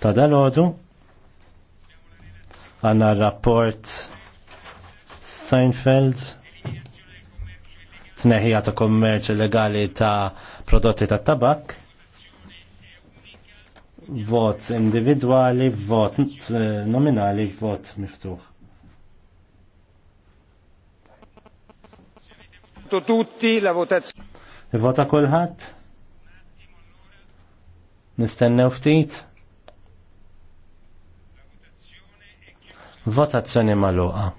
ta' dan ħodu għanna rapport Seinfeld tneħija ta' kommerċ legali ta' prodotti ta' tabak vot individuali, vot eh, nominali, vot miftuħ. Tutti la votazione. Vota kulħadd? Nistennew ftit? Votazzjoni maluqa.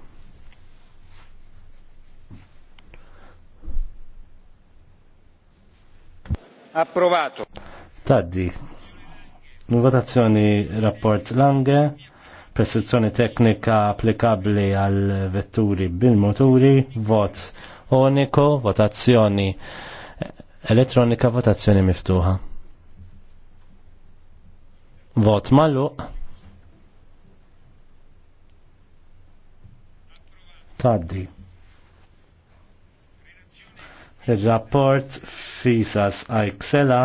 Approvato. Taddi. Votazzjoni rapport Lange, prestazzjoni teknika applikabli għal vetturi bil-moturi, vot oniko, votazzjoni elettronika, votazzjoni miftuħa. Vot maluq. taddi. Il-rapport FISAS Aixela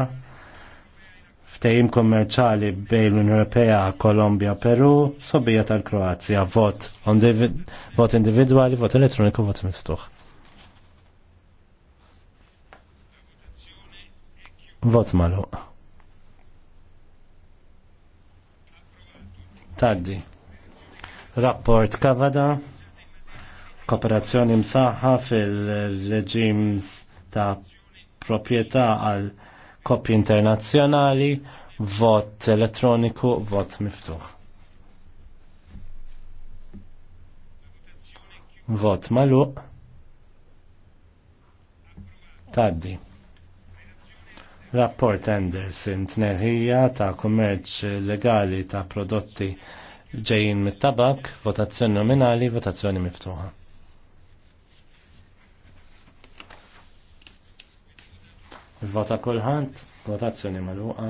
ftejim kommerċali bejn l-Unjoni Ewropea, Kolombja, Peru, sobija tal-Kroazja, vot, vot individwali, vot elettroniku, vot miftuħ. Vot malu. Taddi. Rapport Kavada kooperazzjoni msaħħa fil-reġim ta' proprjetà għal koppi internazzjonali, vot elettroniku, vot miftuħ. Vot malu. Taddi. Rapport Anderson tneħija ta' kummerċ legali ta' prodotti ġejjin mit-tabak, votazzjoni nominali, votazzjoni miftuħa. Vota kulħadd, votazzjoni magħluqa.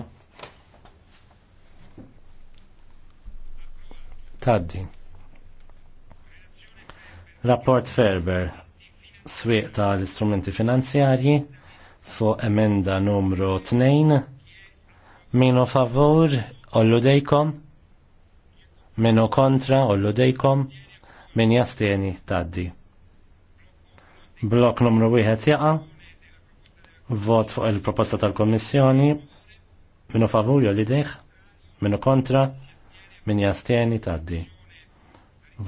Taddi. Rapport Ferber swieq ta' l-istrumenti finanzjarji fuq emenda numru 2 minu favur ollu dejkom minu kontra ollu dejkom min jastieni taddi blok numru 1 jaqa' Vot fuq il-proposta tal kommissjoni Minu favur jo li idejħ minu kontra, min jastieni taddi.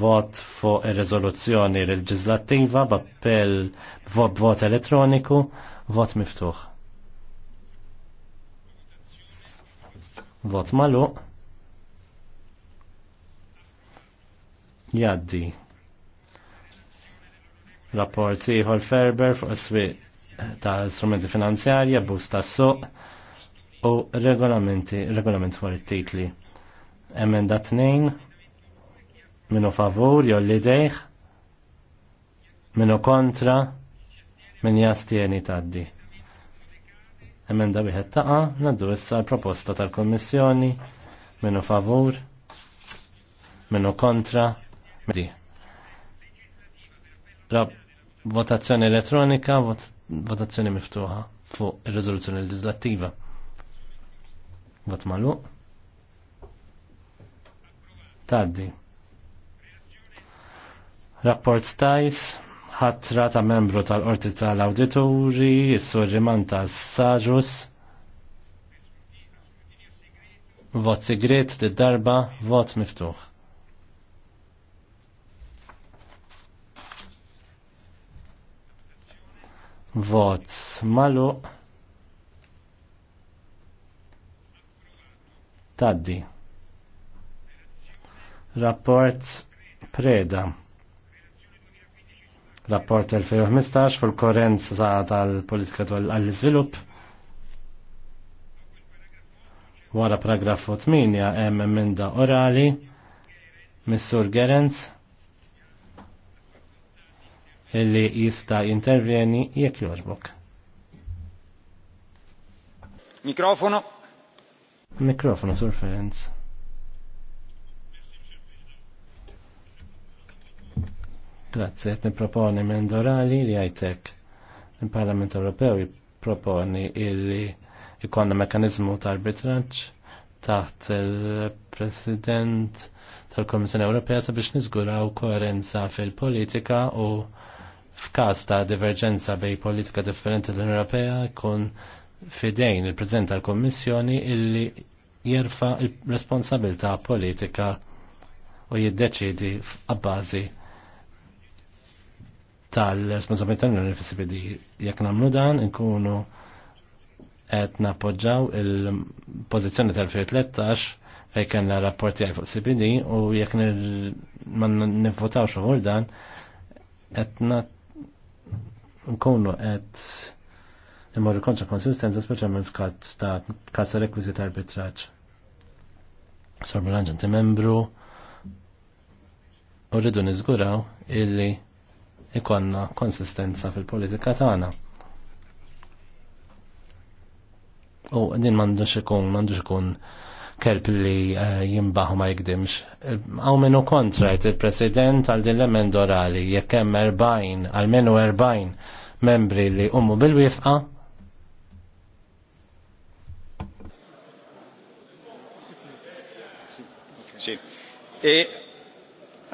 Vot fuq il-rezoluzzjoni leġislattiva b'appell vot vot elettroniku, vot miftuħ. Vot malu. Jaddi. Rapport ieħor Ferber fuq is-swieq ta' strumenti finanzjarji, abbuż ta' suq u regolamenti, regolament dwar it-titli. Emenda 2 minu favur li deħ, minu kontra min jastieni taddi. Emenda wieħed taqa naddu issa l-proposta tal-Kommissjoni minu favur minu kontra di. Votazzjoni elettronika, votazzjoni votazzjoni miftuħa fuq ir-riżoluzzjoni legislattiva. Vot magħluq. Taddi. Rapport stajs, ħatra ta' membru tal-qorti tal-awdituri, s-sorġiman ta' saġus, vot sigret, d-darba, vot miftuħ. Vot malu. Taddi. Rapport preda. Rapport 2015 fil-korenza tal-politika għall-izvilupp. Wara paragrafu 8 hemm emenda orali. Missur Gerenz illi jista jintervjeni jekk jogħġbok. Mikrofono. Mikrofono, Sur Ferenc. Grazie, proponi mendorali li għajtek. Il-Parlament Ewropew proponi illi ikonna mekanizmu ta' arbitraċ taħt il-President tal-Komissjoni Ewropea sabiex niżguraw koerenza fil-politika u f'każ ta' diverġenza bej politika differenti l-Unjoni Ewropea jkun fidejn il-President tal komissjoni illi jerfa il-responsabilta politika u jiddeċidi f'abbażi tal responsabilta l-Unjoni jekk nagħmlu dan inkunu qed nappoġġaw il-pożizzjoni tal-2013 fej kellna rapporti għaj fuq CBD u jekk ma nifvotaw xoħur dan qed nkunu qed imorru konċa konsistenza speċjalment sta ta' rekwizit rekwiżit arbitraġġ. Sor Milanġanti membru u rridu niżguraw illi ikonna konsistenza fil-politika tagħna. U din mandu ikun, mandu ikun kelp li eh, jimbaħu ma jgdimx. Għaw minu kontrajt il-president għal din l-emend orali jekk hemm 40, għal menu 40 membri li ummu bil-wifqa. E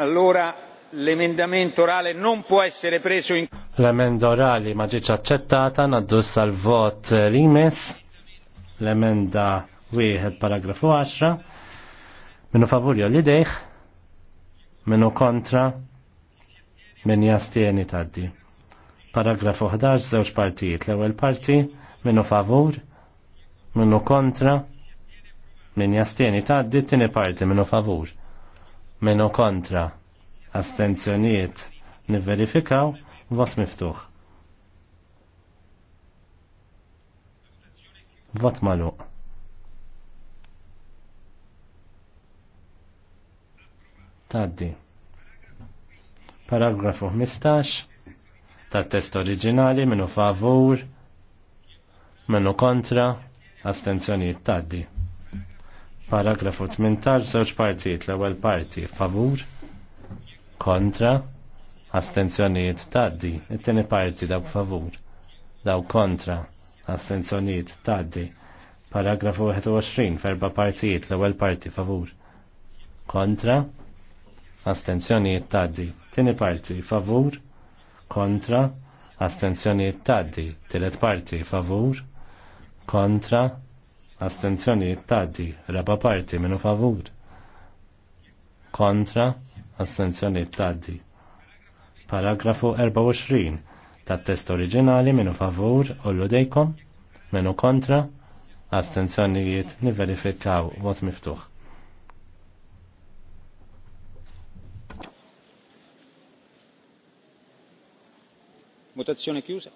allora l'emendamento orale non può essere preso in L'emendamento orale ma ci accettata, naddus al vot eh, l l-emenda wieħed paragrafu 10 minnu favurju li deħ minnu kontra minn jastieni taddi. Paragrafu 11 żewġ partijiet l-ewwel parti minnu favur minnu kontra minn jastieni taddi t-tieni parti minnu favur minnu kontra astenzjonijiet nivverifikaw vot miftuħ. Vot malu. Taddi. Paragrafu 15 ta' test oriġinali minnu favur, minnu kontra, astenzjonijiet taddi. Paragrafu 18 żewġ partijiet l-ewwel parti favur, kontra, astenzjonijiet taddi, it-tieni parti daw favur, dawk kontra, astenzjoniet taddi. Paragrafu 21 ferba partijiet l-ewwel parti favur. Kontra astenzjoniet taddi. Tieni parti favur. Kontra astenzjoniet taddi. Tilet parti favur. Kontra astenzjoniet taddi. Raba parti minu favur kontra Astenzjoniet, taddi. Paragrafu 24 tat test oriġinali minnu favur ollu dejkom, minnu kontra, astenzjonijiet niverifikaw vot miftuħ. Votazzjoni chiusa.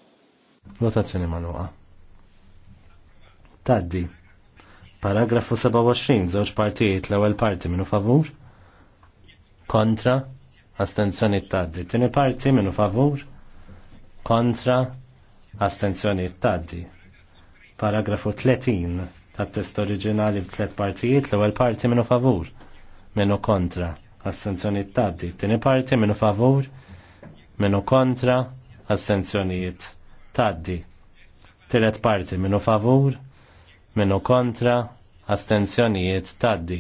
Votazzjoni manuqa. Taddi. Paragrafu 27, żewġ partijiet, l-ewwel parti minu favur, kontra, astenzjoni taddi. Tieni parti minu favur, kontra astenzjoni taddi. Paragrafu 30 tat test oriġinali f'tlet partijiet l-ewwel parti minnu favur minnu kontra astenzjoni taddi. Tieni parti minnu favur minnu kontra astenzjonijiet taddi. Tiret parti minnu favur minnu kontra astenzjonijiet taddi.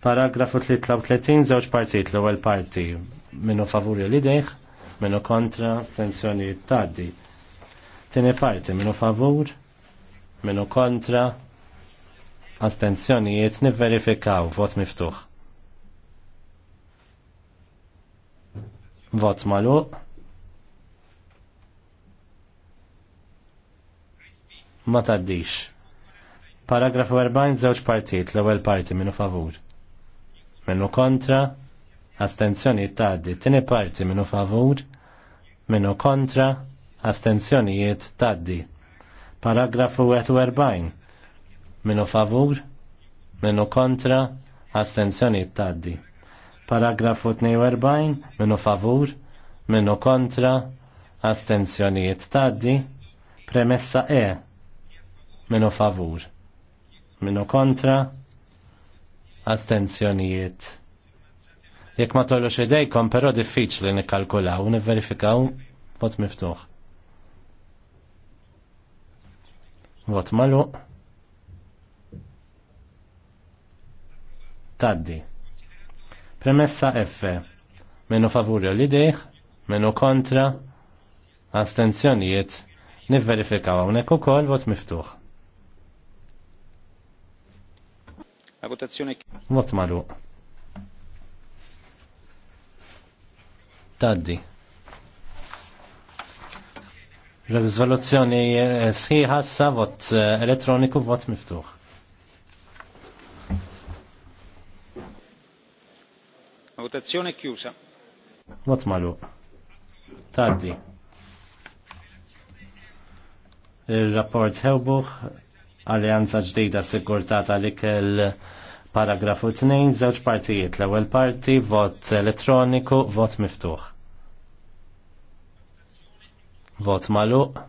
Paragrafu 33 żewġ partijiet l-ewwel parti minnu favur l minnu kontra, astensjonijiet taddi. Tieni parti minnu favur, minnu kontra, jiet nivverifikaw vot miftuħ. Vot malu. Ma taddix. Paragrafu 40 żewġ partijt, l-ewwel parti minnu favur. Minnu kontra, astenzjoni tgħaddi. Tieni parti minnu favur, minnu kontra, astenzjonijiet taddi. Paragrafu 41. Minnu favur, minnu kontra, astenzjonijiet taddi. Paragrafu 42. Minnu favur, minnu kontra, astenzjonijiet taddi. Premessa E. Minnu favur, minnu kontra, astenzjonijiet tgħaddi. Jekk ma tollux idejkom, però diffiċli nikkalkulaw, nivverifikaw vot miftuħ. Vot malu. Taddi. Premessa F. Menu favuri li dejħ, menu kontra, astenzjonijiet, nivverifikaw hawnhekk ukoll vot miftuħ. La votazione. Vot maluq. taddi. Rezoluzzjoni eh, sħiħa sa vot eh, elettroniku vot miftuħ. Votazione chiusa. Vot malu. Taddi. Il-rapport Helbuch, Alleanza ġdida sigurtata li kell Paragrafu 2, żewġ partijiet. L-ewwel parti, vot elettroniku, vot miftuħ. Vot maluq.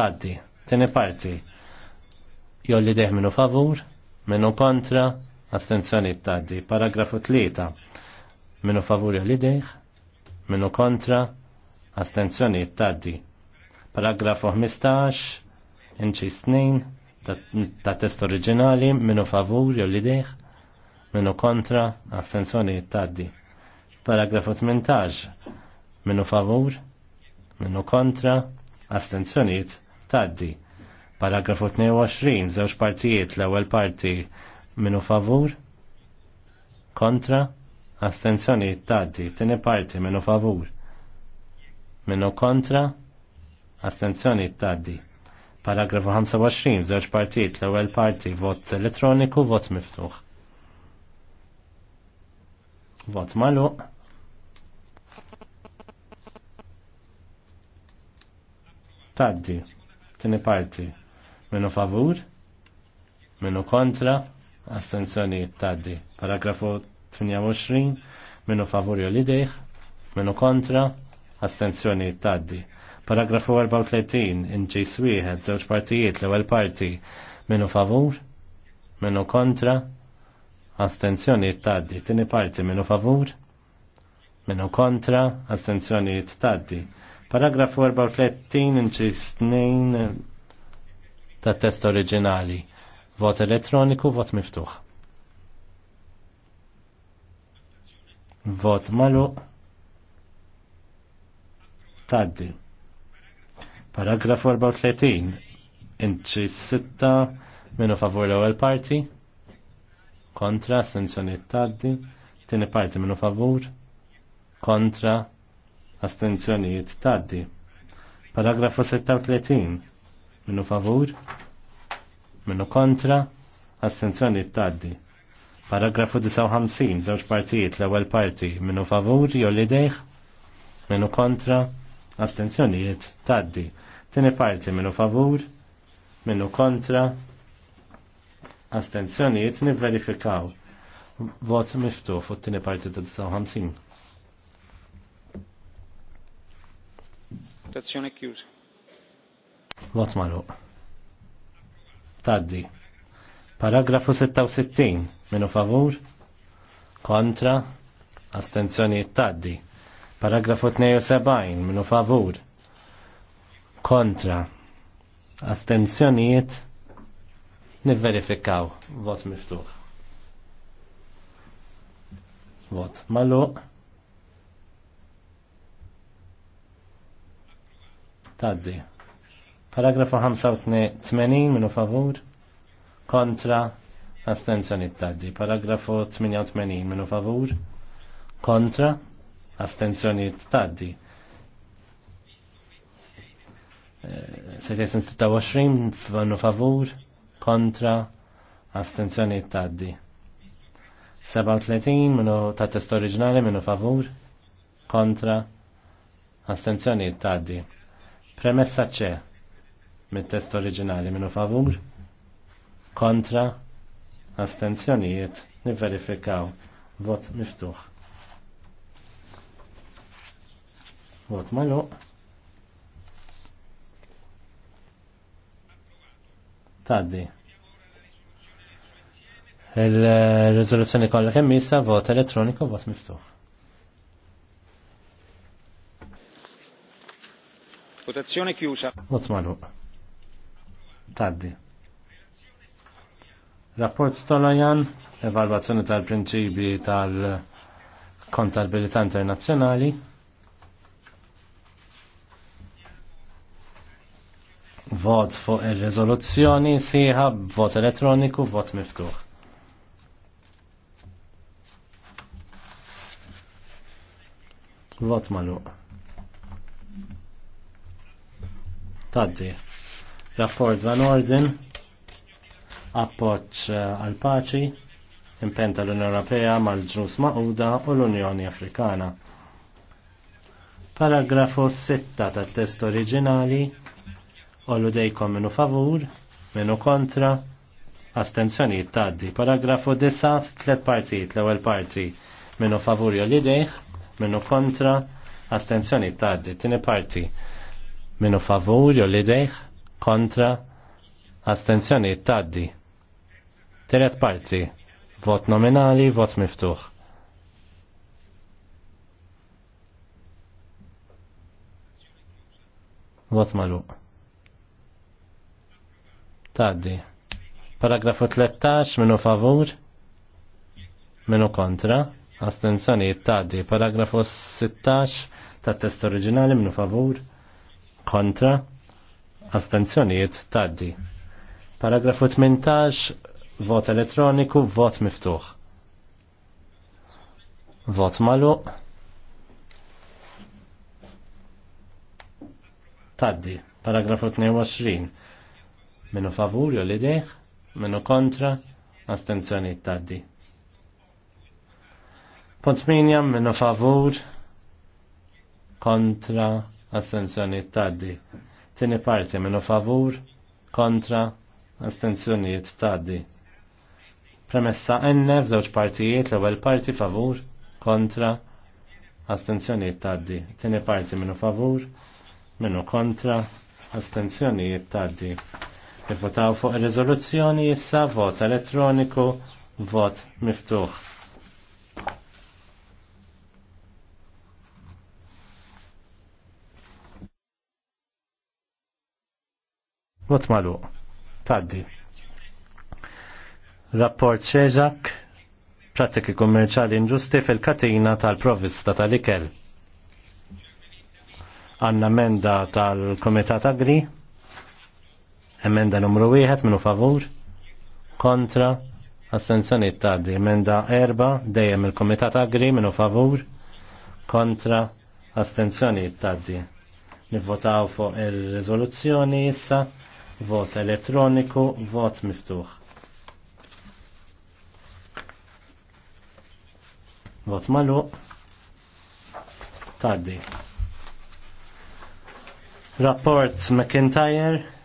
Taddi. Tieni parti. Jolli deħ minu favur, minu kontra, astenzjoni taddi. Paragrafu 3. Minu favur jolli deħ, minu kontra, astenzjoni taddi. Paragrafu 15 inċi snin ta' test oriġinali minnu favur jew li deħ minnu kontra astensjoni taddi. Paragrafu 18 minnu favur minnu kontra astensjoniet taddi. Paragrafu 22 żewġ partijiet l-ewwel parti minnu favur kontra astensjoniet taddi. Tieni parti minnu favur minnu kontra astenzjoni taddi Paragrafu 25, żewġ partijiet, l-ewwel parti, vot elettroniku, vot miftuħ. Vot magħluq. Taddi, tieni parti, minu favur, minu kontra, astenzjonijiet taddi. Paragrafu 28, minu favur jolidejh, minu kontra, astenzjoni taddi. Paragrafu 34, inġi wieħed, żewġ partijiet, l-ewwel parti, minnu favur, minnu kontra, astenzjoni taddi, tini parti minnu favur, minnu kontra, astenzjoni taddi. Paragrafu 34, inġi snin ta' test oriġinali, vot elettroniku, vot miftuħ. Vot malu, taddi. Paragraf 34. Inċi sitta minu favur l-ewwel parti. Kontra astenzjonijiet taddi. Tieni parti minu favur. Kontra astenzjonijiet taddi. Paragrafu 36. Minu favur. Minu kontra. Astenzjonijiet taddi. Paragrafu 59, żewġ partijiet, l-ewwel parti minnu favur jolli deħ. dejh, minnu kontra, astenzjonijiet taddi. Tini parti minnu favur, minnu kontra, astenzjonijiet verifikaw Vot miftuħ fuq tini parti ta' 59. Votazzjoni chiusa. Vot malu. Taddi. Paragrafu 66. Minu favur? Kontra? Astenzjoni taddi. Paragrafu 72. Minu favur? kontra astenzjonijiet nivverifikaw vot miftuħ vot malu. taddi paragrafu 85 minu favur kontra astenzjonijiet taddi paragrafu 88 minu favur kontra astenzjonijiet taddi Sejtejsen 26 f'għannu favur kontra astenzjoni taddi. 37 minu ta' test oriġinali minu favur kontra astenzjoni taddi. Premessa ċe mit-test oriġinali minu favur kontra astenzjonijiet niverifikaw vot miftuħ. Vot maluq. Taddi. Il-rezoluzzjoni kollha kemm issa vot elettroniku vot miftuħ. Votazzjoni chiusa. Vot magħluq. Taddi. Rapport Stolajan, evalwazzjoni tal-prinċipi tal-kontabilità internazzjonali. vot fuq ir-riżoluzzjoni siħa vot elettroniku, vot miftuħ. Vot maluq. Taddi. Rapport van Orden. Appoċ eh, għal paċi. Impenta l-Unjoni Ewropea mal-ġus maquda u l-Unjoni Afrikana. Paragrafu 6 tat-test oriġinali għallu dejkom minu favur, minu kontra, astenzjoni taddi. Paragrafu 9 tlet parti l-ewwel parti minu favur jolli dejk, minu kontra, astenzjoniet taddi. Tini parti minu favur jolli dejk, kontra, astenzjoniet taddi. Tiret parti vot nominali, vot miftuħ. Vot maluq. Taddi. Paragrafu 13 minu favur minu kontra. Astenzjonijiet taddi. Paragrafu 16 ta' test oriġinali minu favur kontra. Astenzjonijiet taddi. Paragrafu 18 vot elettroniku, vot miftuħ. Vot malu. Taddi. Paragrafu 22. Minu favur jo li deħ, minu kontra, astenzjoni taddi. Punt minja minu favur, kontra, astenzjoni taddi. Tini parti minu favur, kontra, astenzjoni taddi. Premessa N f'żewġ partijiet l-ewwel parti favur, kontra, astenzjoni taddi. Tini parti minu favur, minu kontra, astenzjoni taddi. Ivvotaw fuq ir-riżoluzzjoni issa vot elettroniku, vot miftuħ. Vot malu. Taddi. Rapport xeġak prattiki kummerċali inġusti fil-katina tal-provista tal-ikel. Anna menda tal-Komitat Agri. Emenda numru 1 minu favur kontra assenzjoni taddi. Emenda 4 dejjem il-Komitat Agri minu favur kontra astenzjoni taddi. Nivvotaw fuq il-rezoluzzjoni issa vot elettroniku, vot miftuħ. Vot malu. Taddi. Rapport McIntyre.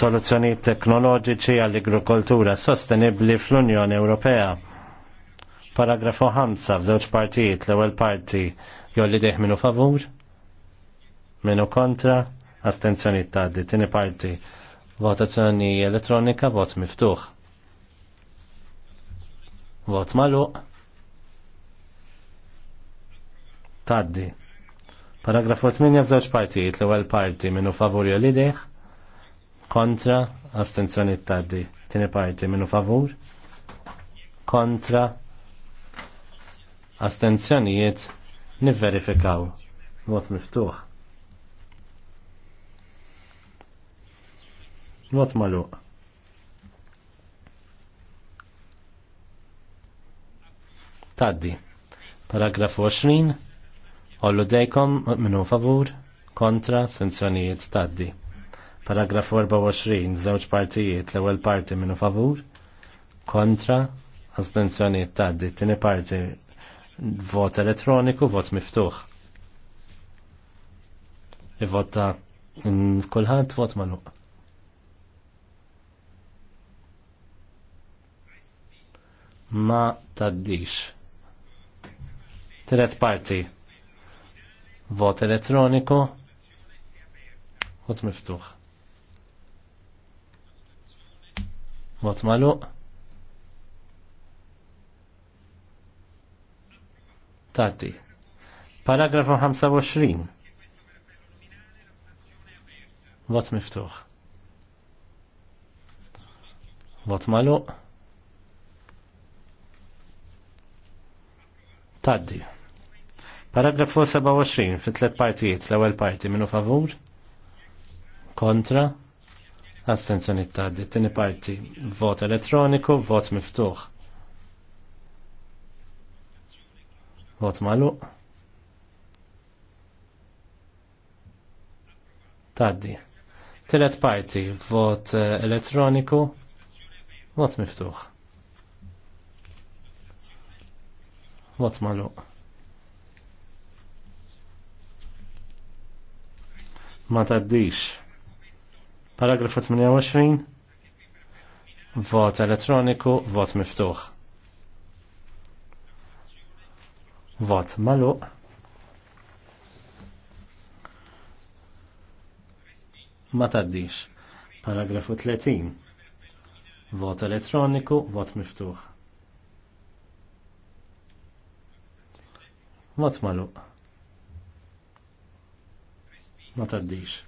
Soluzzjoni teknoloġiċi għall-agrikoltura sostenibbli fl-Unjoni Ewropea. Paragrafu 5 f'żewġ partijiet l-ewwel parti jolli deħ minu favur, minu kontra, astenzjoni tgħaddi. Tieni parti votazzjoni elettronika, vot miftuħ. Vot magħluq. Taddi. Paragrafu 8 f'żewġ partijiet l-ewwel parti minu favur jolli deħ, kontra, astenzjoni taddi. Tini parti minu favur, kontra, astenzjonijiet nivverifikaw. Vot miftuħ. Vot maluq. Taddi. Paragraf 20. Ollu dejkom minu favur, kontra, sanzjonijiet taddi. Paragraf 24, żewġ partijiet, l-ewwel parti minnu favur, kontra, astenzjonijiet tgħaddi, tieni parti vot elettroniku, vot miftuħ. ta' kulħadd vot magħluq. Ma taddix. Tret parti. Vot elettroniku. Vot miftuħ. Mot malu. Tati. Paragrafu 25. Vot miftuħ. Vot malu. Taddi. Paragrafu 27 fit tlet partijiet l-ewwel parti minu favur. Kontra. Astenzjoni tgħaddi. Tieni parti vot elettroniku, vot miftuħ. Vot magħluq. Taddi. Tilet parti vot eh, elettroniku, vot miftuħ. Vot magħluq. Ma taddix. Paragraf 28. Vot elettroniku, vot miftuħ. Vot maluq. Ma taddix. Paragrafu 30. Vot elettroniku, vot miftuħ. Vot maluq. Ma taddix.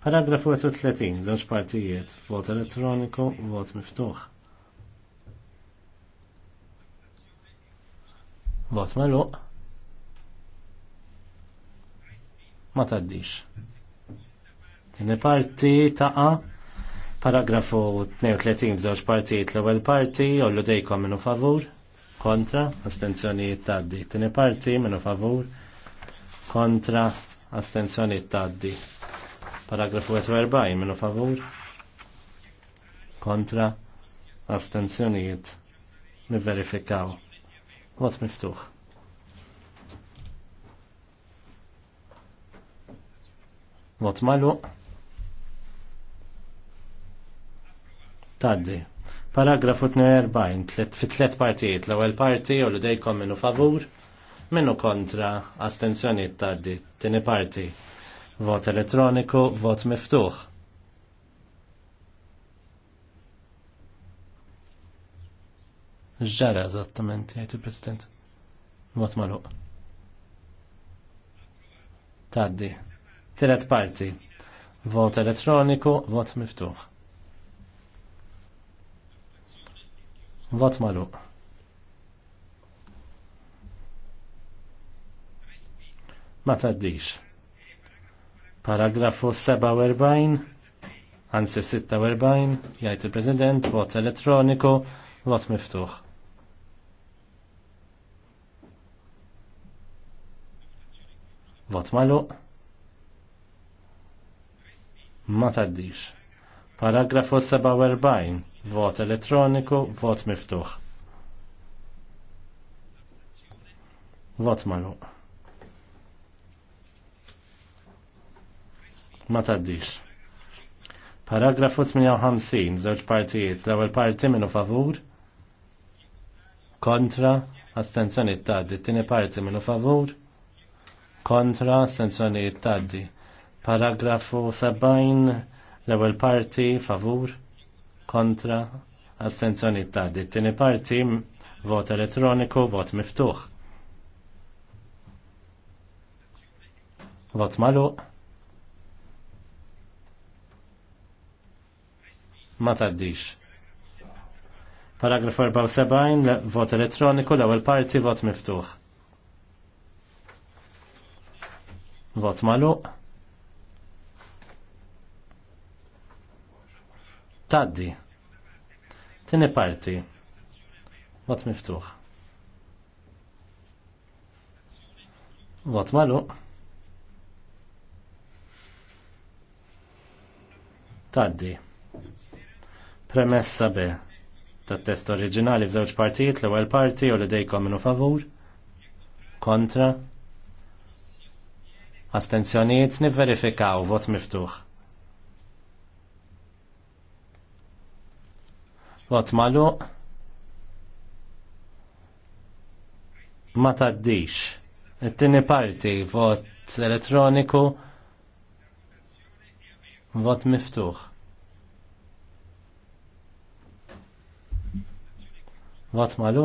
Paragrafu 30, żewġ partijiet, vot elettroniku, vot miftuħ. Vot magħluq. Ma taddix. Tieni parti taqa' paragrafu 32 f'żewġ partijiet l-ewwel parti ollu dejkom minnu favur, kontra, astenzjonijiet taddi. Tieni parti minnu favur, kontra, astenzjonijiet taddi. Paragrafu 40 minu favur kontra astenzjonijiet niverifikaw. Vot miftuħ. Vot malu. Taddi. Paragrafu 42, fit tlet partijiet, l-ewwel parti u l-dejkom minu favur, minu kontra astenzjonijiet taddi, tini parti Vot elettroniku, vot miftuħ. Ġara eżattament, jgħid il-President. Vot maluq. Taddi. Tiret parti. Vot elettroniku, vot miftuħ. Vot maluq. Ma taddix. Paragrafu 47, anzi 46, jgħid il-President, vot elettroniku, vot miftuħ. Vot malu. Ma taddix. Paragrafu 47, vot elettroniku, vot miftuħ. Vot malu. ma taddix. Paragrafu 58, żewġ partijiet, l-ewwel parti minnu favur, kontra, astenzjonijiet taddi, t-tieni parti minnu favur, kontra, astenzjonijiet taddi. Paragrafu 70, l-ewwel parti favur, kontra, astenzjonijiet taddi, t-tieni parti vot elettroniku, vot miftuħ. Vot maluq. ma taddix. Paragraf 74, vot elettroniku, l-ewwel parti, vot miftuħ. Vot magħluq. Taddi. Tini parti. Vot miftuħ. Vot maluq. Taddi. Premessa B. Tat test oriġinali f'żewġ partijiet l-ewwel parti u li dejkom minnu favur. Kontra. Astenzjonijiet nivverifikaw vot miftuħ. Vot magħluq. Ma taddix. It-tieni parti vot elettroniku. Vot miftuħ. Vot malu.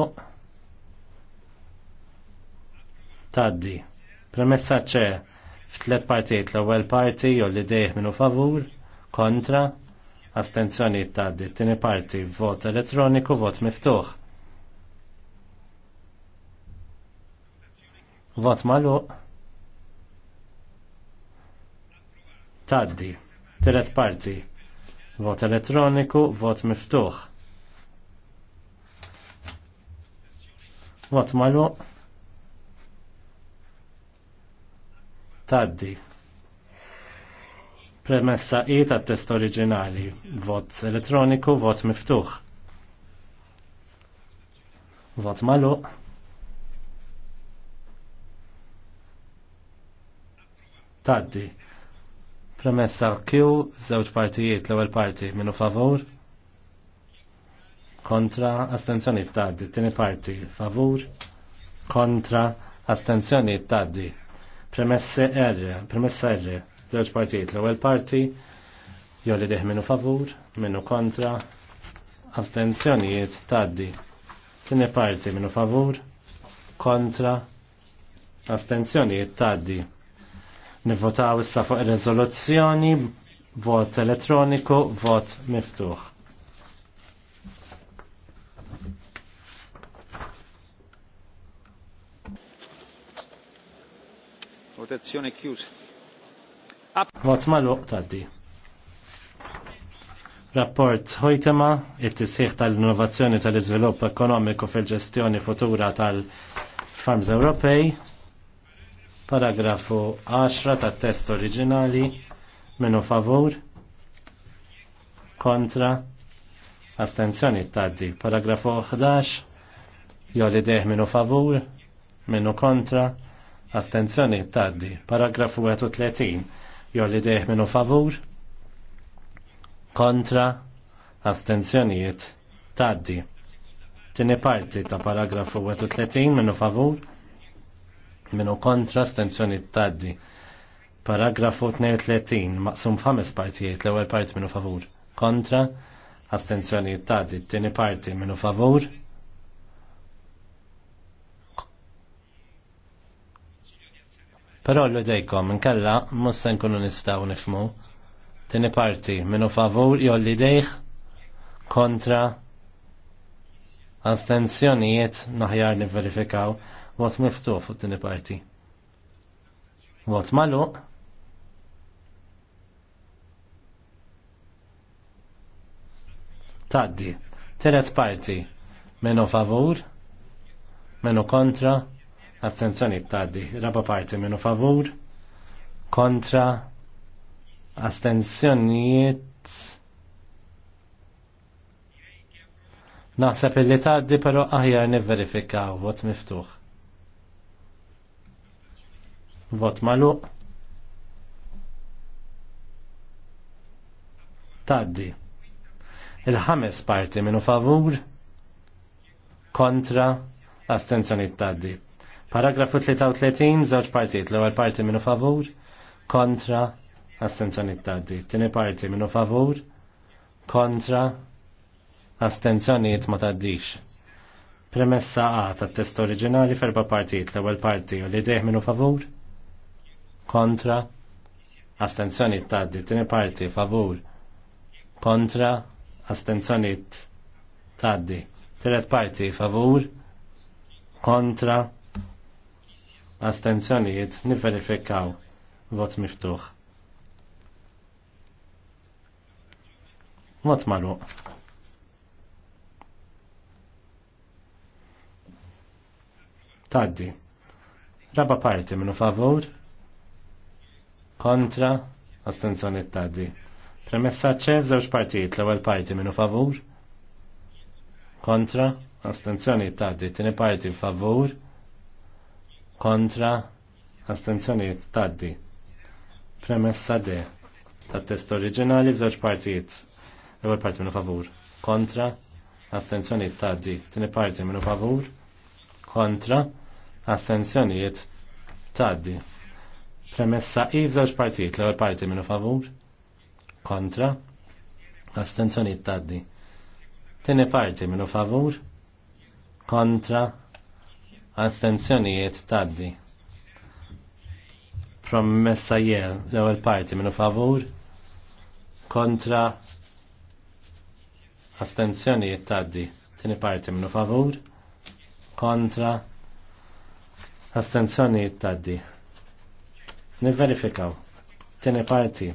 Taddi. Premessa ċe f'tlet partijiet l-ewwel parti jew li dejh minu favur, kontra, astenzjoni taddi. Tieni parti vot elettroniku, vot miftuħ. Vot malu. Taddi. Tiret parti. Vot elettroniku, vot miftuħ. Vot malu. Taddi. Premessa I ta' test oriġinali. Vot elettroniku, vot miftuħ. Vot malu. Taddi. Premessa Q, żewġ partijiet l-ewwel parti minu favur kontra astenzjoni taddi. Tini parti favur kontra astenzjoni taddi. Premesse R, premessa R, zewġ partijiet. L-ewwel parti jolli deħ minnu favur, minu kontra astenzjonijiet taddi. Tini parti minu favur kontra astenzjonijiet taddi. Nivvotaw issa fuq ir-riżoluzzjoni, vot elettroniku, vot miftuħ. Votazzjoni chiusa. Vot malu Rapport ħojtema it-tisħiħ tal-innovazzjoni tal-iżvilupp ekonomiku fil-ġestjoni futura tal-Farms Ewropej. Paragrafu 10 tat-test oriġinali Menu favur kontra astenzjoni taddi. Paragrafu 11 jolli deħ minu favur minu kontra astenzjoni taddi. Paragrafu 31 jolli deħ minu favur kontra astenzjonijiet taddi. Tini parti ta' paragrafu 31 minu favur minu kontra astenzjonijiet taddi. Paragrafu 32 maqsum fames partijiet l-ewel parti minu favur kontra astenzjonijiet taddi. Tini parti minu favur Però l dejkom nkella mhux se nkunu nistgħu nifmu. Tieni parti minu favur li dejk kontra astenzjonijiet naħjar li verifikaw vot miftuħ fuq parti. Vot magħluq. Taddi. tiret parti. minu favur. Menu kontra t taddi. Raba parti minnu favur. Kontra. astenzjoniet. Naħseb illi taddi pero aħjar nivverifikaw vot miftuħ. Vot maluq. Taddi. Il-ħames parti minnu favur. Kontra astenzjoni taddi. Paragrafu 33, żewġ partijiet, l-ewwel parti minnu favur, kontra, astenzjoni taddi. Tieni parti minnu favur, kontra, astenzjonijiet ma taddix. Premessa A ta' test oriġinali ferba partijiet, l-ewwel parti u li deħ minnu favur, kontra, astenzjoni taddi. Tieni parti favur, kontra, astenzjoni taddi. Tiret parti favur, kontra, astenzjonijiet niverifikaw vot miftuħ. Not malu. Taddi. Raba parti minu favur, kontra, astenzjoni taddi. Premessa ċev żewġ partijiet l-ewwel parti minu favur, kontra, Astenzjoni taddi, tieni parti favur, kontra astenzjoniet taddi. Premessa de. tat test oriġinali f'żewġ partijiet. Ewwel parti minnu favur kontra astenzjoniet taddi. Tieni parti minnu favur kontra astenzjoniet taddi. Premessa I f'żewġ partijiet. L-ewwel parti minnu favur kontra astenzjoniet taddi. Tieni parti minnu favur kontra astenzjonijiet taddi. Promessa jel, l ewwel parti minu favur, kontra astenzjonijiet taddi. Tini parti minu favur, kontra astenzjonijiet taddi. Niverifikaw. Tini parti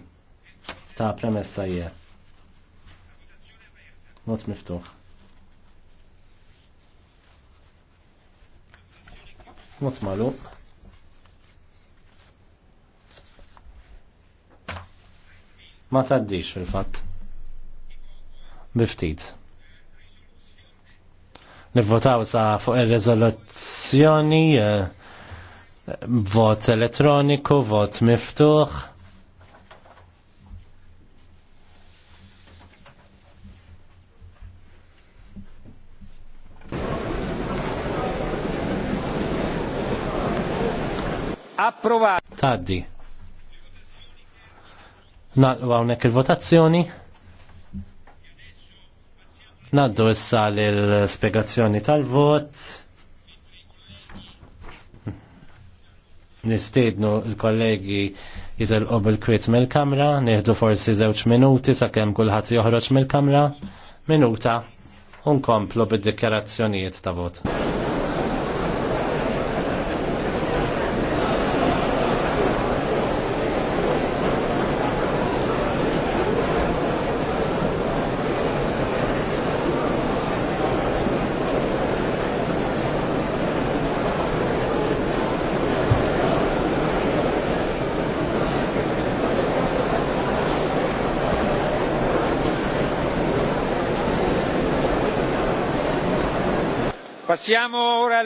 ta' premessa jel. Mot miftuħ. Mot magħluq. Ma taddix fil-fatt. Biftit. Nivvotaw sa fuq il-rezoluzzjoni, eh, vot elettroniku, vot miftuħ. Approvat. Taddi. Naqwa hawnhekk il-votazzjoni. Naddu issa l-spiegazzjoni tal-vot. Nistednu l-kollegi jizel bil kwiet mill-kamra, nieħdu forsi żewġ minuti sakemm kulħadd joħroġ mill-kamra. Minuta, unkomplu bid-dikjarazzjonijiet ta' vot.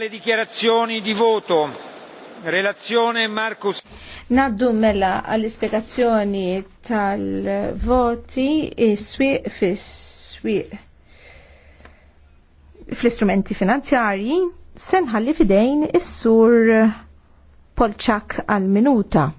le dichiarazioni di voto. Relazione Marcus. Naddu mela għall-ispiegazzjoni tal-voti is-swieq e fis-swieq fl-istrumenti finanzjarji senħalli fidejn is-sur Polċak għal-minuta.